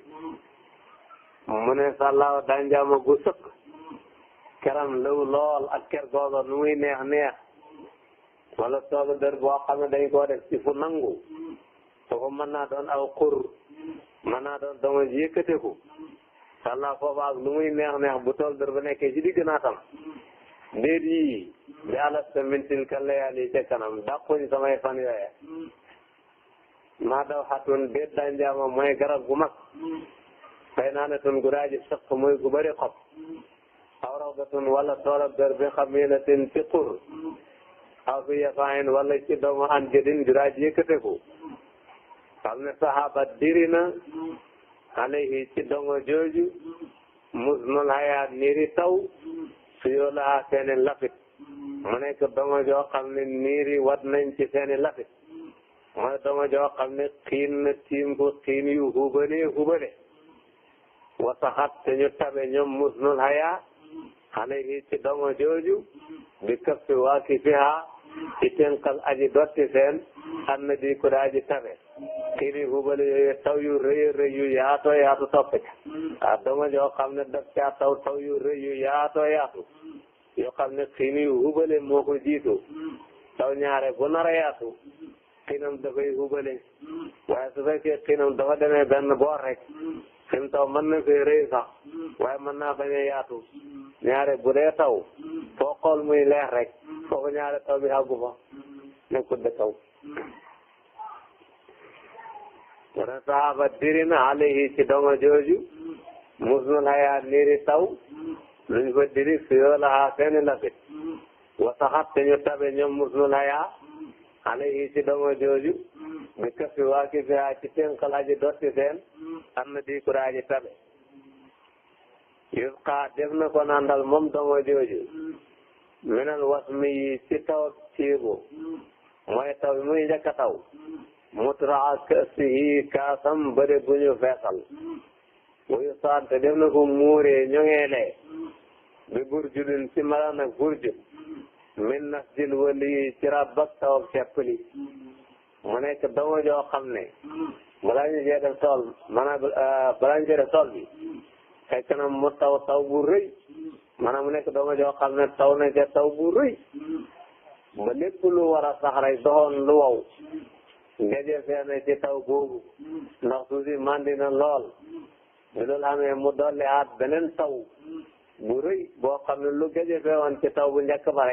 mu ne sàllaaw danjaama gu sëkk keram lëw lool ak ker googa nu muy neex neex wala sooga dër boo xam ne dañ koo def ci fu nangu foofu mën naa doon aw xur mën naa doon doomu ji yëkkateku sàllaaw foofu ak lu neex neex bu tool dër ba nekkee ci digg naatam déet yii bi alasta mintil ka layaali ca kanam maa daw xatun déet danjaama mooy garab gu mag naa ne tun gudaaji sëq mooy gu bëri xob aw rawdatun wala toolab dër bi xaminatin ci xur aw fi yafain wala ci doomu an jëdin juraaji yëkkateku xam ne saxaaba diri na alayhi ci dongo jooju mus nul hayaat niiri taw suyoo laa seeni lafit mu nekk dongo joo xam ne niiri wat ci seeni lafit mooy dama joo xam ne xiin na tiim ko xiin yu hubalee hubale wasaxat te ñu tabe ñoom musnul haya alayhi ci dama jooju bi kappi waa ki fi ha ci tenkal aji dotti seen an na yu yu rëy rëy xam ne daf caa taw taw yu rëy yu yaatoo yaatu yoo ne xiin yu hubale moo ko jiitu taw ñaare bu nar xinam dafay hubale waaye su fekkee xinam dafa demee benn boor rek xim taw mën na koy rëy sax waaye mën naa bañ a yaatu ñaare bu dee taw foo xool muy leer rek foofu ñaare taw bi àggu fa nekkul de taw wara saxaaba dirina alayhi ci dongo jooju musnul hayaa niiri taw luñ fa diri suyoo lahaa seeni lapit wasaxat te ñu tabe ñoom musnul hayaa alayhi ci domo jooju bi mm. kafi waa ki fi haa ci tënkal aji dotti seen mm. am na di ku raaji tabe def na ko nandal moom domo jooju mm. minal wasmi yi ci taw ak ciibu mooy taw yi muy njëkk a taw mutraa kasihi kaasam bëri bu ñu feesal wuyu sante def na ko muuree ñoŋeele bi burjulin ci mala nag burjul min nasjil wali ci rabbak tawab seppali mu nekk dama joo xam ne balaa ñu cee def tool maanaam ah, balaa ñu cee def tool bi fekk na mu taw taw bu rëy maanaam mu nekk dama joo xam ne taw na ca taw bu rëy ba lépp lu war a sax rek doxoon lu wow gaje feene ci taw boobu ndax mandi na lool bi loolu amee mu dolli aat beneen taw bu rëy boo xam ne lu gëj a feewoon ci taw bu njëkk ba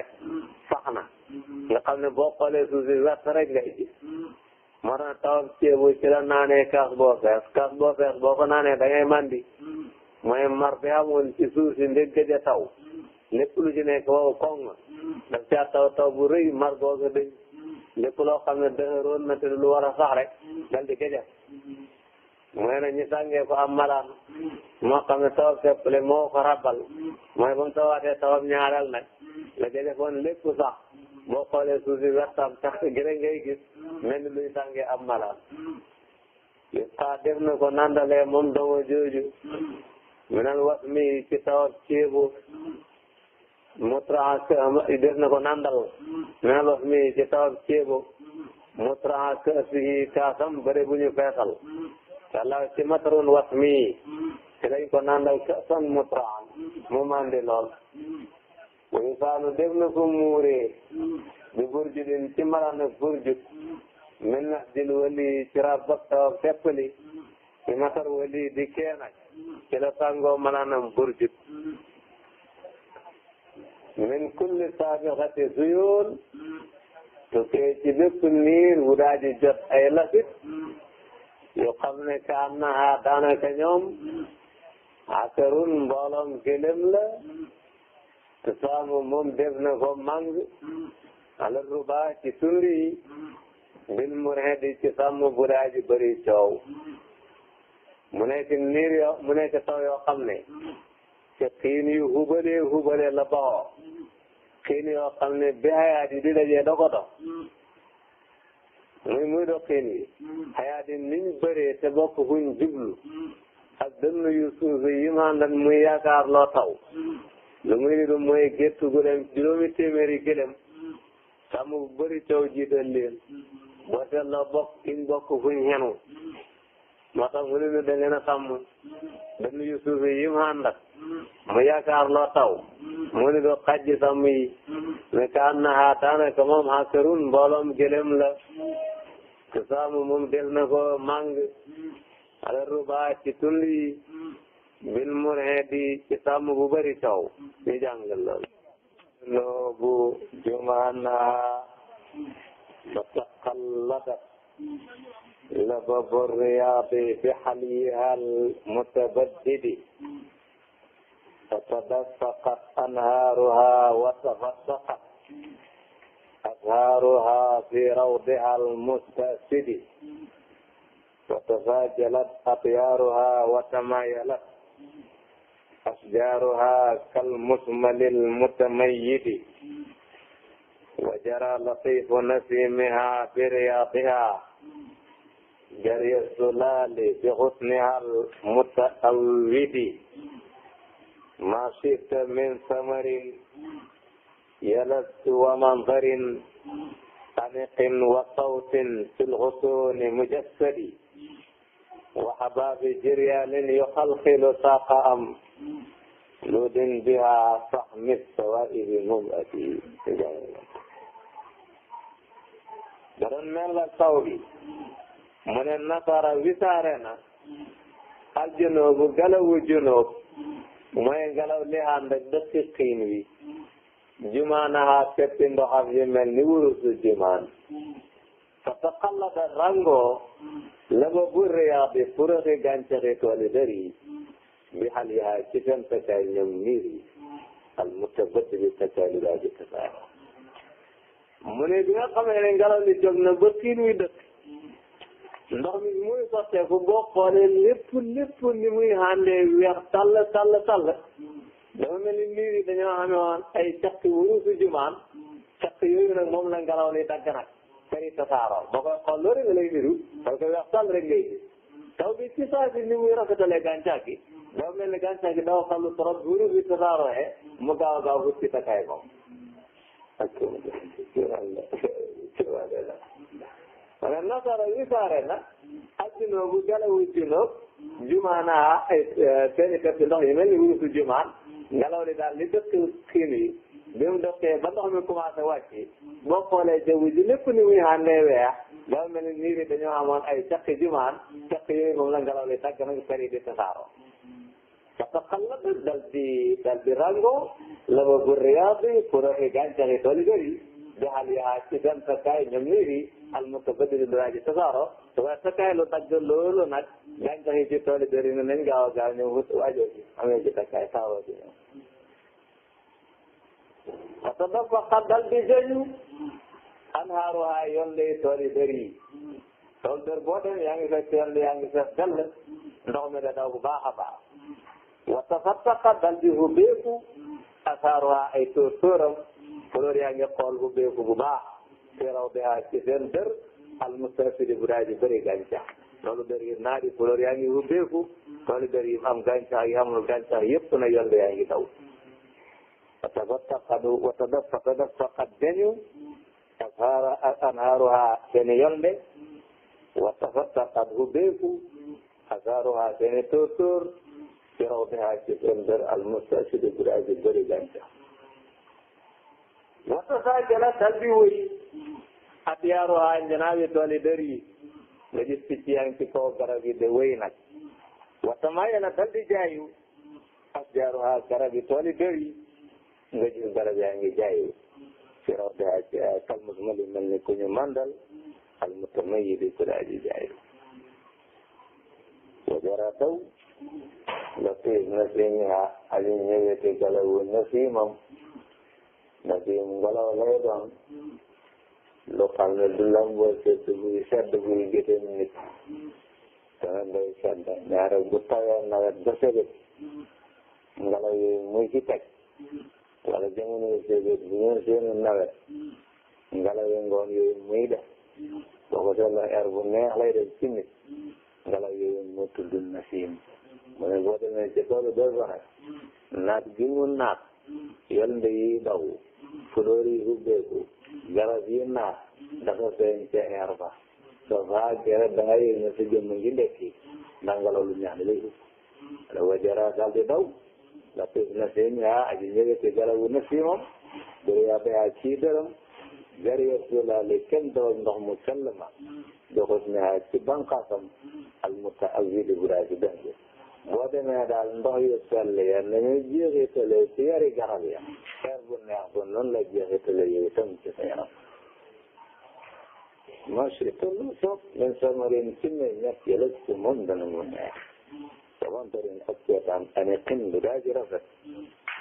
sax na nga xam ne boo xoolee suuf si wert rek ngay gis moo tax taw ak ceebu ci la naanee kaas boo fees kaas boo fees boo ko naanee da ngay mandi mar bi amoon ci suuf si ndeg gëj a taw lépp lu ci nekk wow koŋ daf caa taw taw bu rëy mar googu dëñ lépp loo xam ne dëhëroon na te lu war sax rek dal di gëjal mooy na ñu sàngee ko am malaan moo xam ne taw képp le moo ko rabal mooy ba mu tawaatee tawam ñaareel nag la ca defoon lépp sax boo xoolee suuf si wertam sax gën a ngay gis mel ni luy sàngee am malaan li na ko nandalee moom doomu jooju minal wat mi ci tawam ceebu mu trans def na ko nandal minal wat mi ci tawam ceebu mu trans si kaasam bëri bu ñu feesal salaw ci matarun wasmi ci lañ ko nandal kasan mutraan mu mandi lool wayu saanu def na ko muuree bi burjudin ci malaan ak burjud min na dil wali ci rabak taw teppali ci matar wali di keenak ci la sàngoo malaanam burjud min kulli saabixati zuyul tukkee ci bépp niir wu daaji jot ay lasit yoo xam ne ka am na a daanaka ñoom asarun mbooloom gëlëm la te saamu moom def na ko mang ala ruba ci sundi bil murhidi ci sàmm bu daa ji bëri coow mu nekk niir yo mu nekk taw yoo xam ne ci xiin yu hubalee hubalee la baxoo xiin yoo ne bi hayaat yi di dajee dogodo muy muy doqin yi mm. xayaatin te bokk fuñ jublu mm. ak dënn yu suuf yi maandan muy yaakaar loo taw mm. lu muy niru mooy gétt gu dem juróomi téeméeri gëlëm sàmm bu bëri taw jiital leen boo seetloo bokk iñ bokk fuñ xenu moo tax mu ne ñu da ngeen dënn yu suuf yi maandan mu yaakaar loo taw mu ni doo xajji sàmm yi mais ka annaha daanaka moom xakarun mbooloom gëlëm la te saamu moom def na ko màng ala ruba ci tund yi bil muridi ci sàmm bu bëri taw ñu jàngal lool loo bu jumaanaa ba taqalladat لبب الرياض بحليها المتبدد فتدفقت أنهارها وتفتقت أزهارها في روضها المستأسد وتفاجلت أطيارها وتمايلت أشجارها كالمثمل المتميد وجرى لطيف نسيمها برياضها جري السلال بغصنها المتأود ما شئت من ثمر يلذ ومنظر xaniqin wa sawtin fil xusuuni mujassadi wa xabaabi jiryaanin yuxalxilu saaqa am ludin biha sax mit sawaa'ibi mubadi daroon mel la saw bi mu ne nasara wisaare na al junoobu galawu junoob mooy galaw li ànd ak dëkk xiin jumaanaha seppi ndoxam yu mel ni wurusu jumaan fata xallata rango laba bu riyaa bi furaxi gàncaxi tooli dër yi bi xal yaa ci seen takkaay ñoom niir yi al mutabat bi takkaay lu daa ji tasaaro mu ne bi nga xamee ne li jóg na wi dëkk ndox mi muy sotteeku boo xoolee lépp lépp ni muy hàndee weex tàll tàll dafa mel ni niir yi dañoo amee woon ay caq wurusu jumaan caq yooyu nag moom la ngelaw li dagg nag kari tasaaroo boo koy xool loolu nga lay niru parce que weex tàll rek ngay gis taw bi ci saa si ni muy rafetalee gàncax gi dafa mel ni gàncax gi dafa xalu trop wurus bi tasaaroo mu gaaw a gaaw wut ci takkaay moom wala eh, ndox yi mel wurusu jumaan ngelaw li daal li dëkk xiin yi bi mu dokkee mi commencé wàcc boo xoolee jaww ji ni muy àndee weex dafa mel ni niir yi dañoo amoon ay caqi jumaan caqi yooyu moom la ngelaw li tàgg nag fer yi di tasaaroo dafa xam la dal di dal di rango la ba bu riyaadi pour waxi gàncax di xal yaa ci dem sa kaay al mu ko bëgg di lu tasaaroo su ko sa kaay lu gàncax yi ci tool na nañ gaaw a gaaw ñëw wut waajoo ji amee ci takkaay saawoo ji ñëw parce que dafa xaddal di jëñu anhaaruhaa yoon lay tool yi bëri yi tool dër boo dem yaa ngi fekk yoon li yaa ngi fekk dell ndox mi da bu baax a baax wa tafattaqa dal di hubbeeku asaaruhaa ay tóor tóoram fleur yaa ngi xool hubbeeku bu baax ci raw bi ci di bëri gàncax toolu dër yi naari fleur yaa ngi ubbeeku toolu dër yi am gàncax yi amul gàncax yëpp na yollu yaa ngi daw watafaqadu watadafaqat dañu ashaara anhaaruha seen yolnde watafaqat ubbeeku asaaruha seen tóortóor ci raw deha ci seen dër almustashidi guraaji bëri gàncax wata saa jëla salbi wëy atiyaaruha njanaawi tooli dër yi nga gis picc yaa ngi ci kaw garab yi de wéy nag watamaaya na di jaayu asjaaruha garab yi tooli dër nga gis garab yaa ngi jaayu ci raw de ak eh, ni ku ñu mandal al mutamayi di ku daa ji jaayu wajara taw latif na simiha aji ñëweti galawu na simam na sim ngelaw lay doon lu xam ne du lamboo seet buy sedd buy gëteem nit dana doy sedd ñaare nawet ba sebet ngelaw yooyu muy ci teg wala jamono sebet bu ñu seenu nawet ngelaw yi ngoon yooyu muy def boo ko seetloo air bu neex lay def ci nit ngelaw yooyu moo tudd na ne boo demee ba nag naat gi mu naat yal yi daw fleur yi garab yi na dafa feeñ ca air ba soo sa jëmm ngi ndekki ndax ngelaw lu ñaan lay dugg wala wajara daal di daw latif na seen yaa aji ñëgati garabu na fii moom buru yaa bayaa ci dërëm gar yo sulaale kenn dawal ndox mu sell ma joxos boo demee daal ndox yu sell ya nañuy jeexitale ci yari garab ya xeer bu neex ba noonu la jeexitale yooyu tam ci sa yaram maché tollu soog min samarin ci meññat yëlëg ci moom dana mu neex sabantarin ak ceetaan ani xin bu daa ji rafet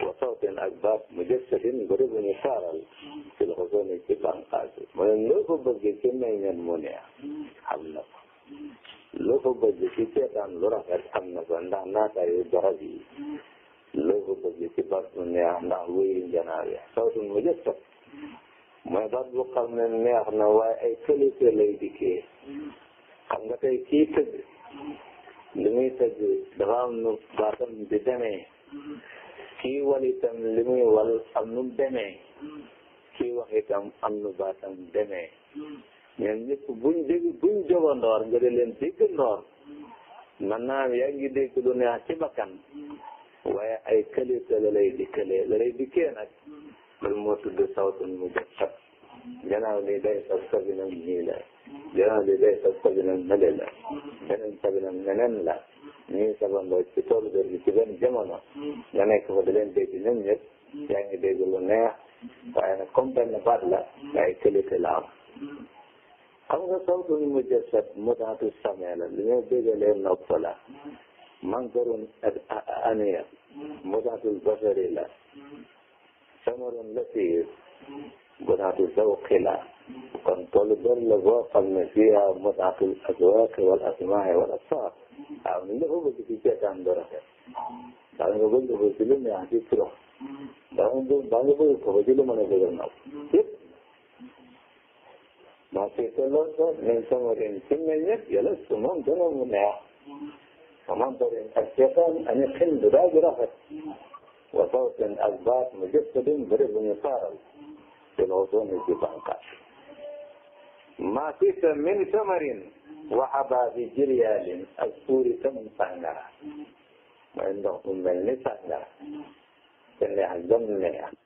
wa sawtin ak baat mu jëkkatin bëri bu ñu saaral ci loxo soni ci bànqaas bi ne loo ko bëggee ci meññat mu neex na loo fa bëgg ci seetaan lu rafet am na fa ndax naataayu garab yi loo fa bëgg ci baat bu neex ndax wéyu njanaaw ya sawtun mu jëkk mooy baat bu xam ne neex na waaye ay qualité lay dikkee xam nga tey kii tëgg li muy tëgg dafa am nu baatam di demee kii wal li muy wal am nu demee kii wax itam am nu baatam demee ñoom ñëpp buñ dégg buñ jogandoor nga di leen dégg ndoor man naa yaa ngi dégg lu neex ci bakkan waaye ay kalite la lay dikkalee la lay dikkee nag loolu moo tudd sawtun mu jot sab gannaaw li day sab sabinam nii la gannaaw li day sab sabinam nële la beneen sabinam neneen la ñuy sabandoo ci toolu dër bi ci benn jamono nga nekk fa da leen dégg ñoom ñëpp yaa lu neex waaye nag comme benn baat la ay kalite la xam nga sawtul mujassad mudaatu samee la li ñoo dégalee nopp la mankarun ak aniya mudaatul basari la samarun latif mudaatu zawqi la kon toolu bëri la boo xam ne fiha mudaatul aswaaqi wal asmaai wal absaar waaw ni dafa bëgg ci seetaan bu rafet daa nga bëgg ko ci lu neex ci trop daa nga bëgg ko ci lu mën a dëgër nopp ma seetloo ko nañ sama ren ci ne ñëpp yàlla su ma gënoon mu neex ma ma bëriñ ak seetaan ani xin bu daal di rafet wa sawtin ak baat mu jëf ko dem bëri bu ñu saaral te loo soo ne ci bànqaat ma sita min tamarin wa habaabi jiryaalin ak suuri tam sàngara mooy ndox mu mel ni sàngara te neex gëm neex